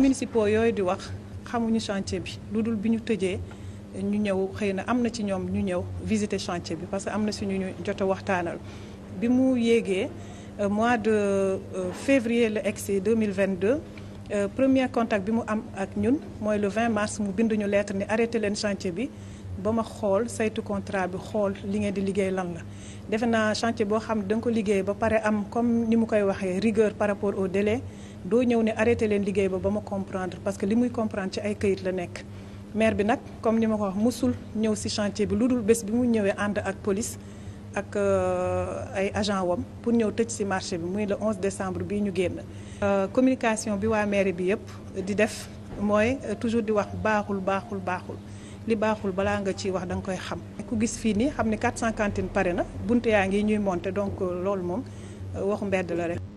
municipaux yooyu di wax xamuñu chantier bi lu dul bi ñu tëjee ñu ñëw xëy na am na ci ñoom ñu ñëw visiter chantier bi parce que am na suñu ñu jot a waxtaanal bi mu yéegee euh, mois de euh, février le exi 2022 premier contact bi mu am ak ñun mooy le 20 mars mu binduñu ñu lettre ni arrêté leen chantier bi ba ma xool saytu contrat bi xool li ngeen di liggéey lan la defe naa chantier boo xam da nga ko liggéey ba pare am comme ni mu koy waxee rigueur par rapport au délai doo ñëw ne arrêté leen liggéey ba ba ma comprendre parce que li muy comprendre ci ay këyit la nekk maire bi nag comme ni ma ko wax musul ñëw si chantier bi lu dul bés bi mu ñëwee ànd ak police ak euh, ay agent wam pour ñëw tëj si marché bi muy le 11 décembre bii ñu génn euh, communication bi waa maire bi yëpp di def mooy euh, toujours di wax baaxul baaxul baaxul li baaxul balaa nga ciy wax da nga koy xam ku gis fii nii xam ne 450 pare na bunt yaa ngi ñuy monter donc loolu moom waxu mbedd la rek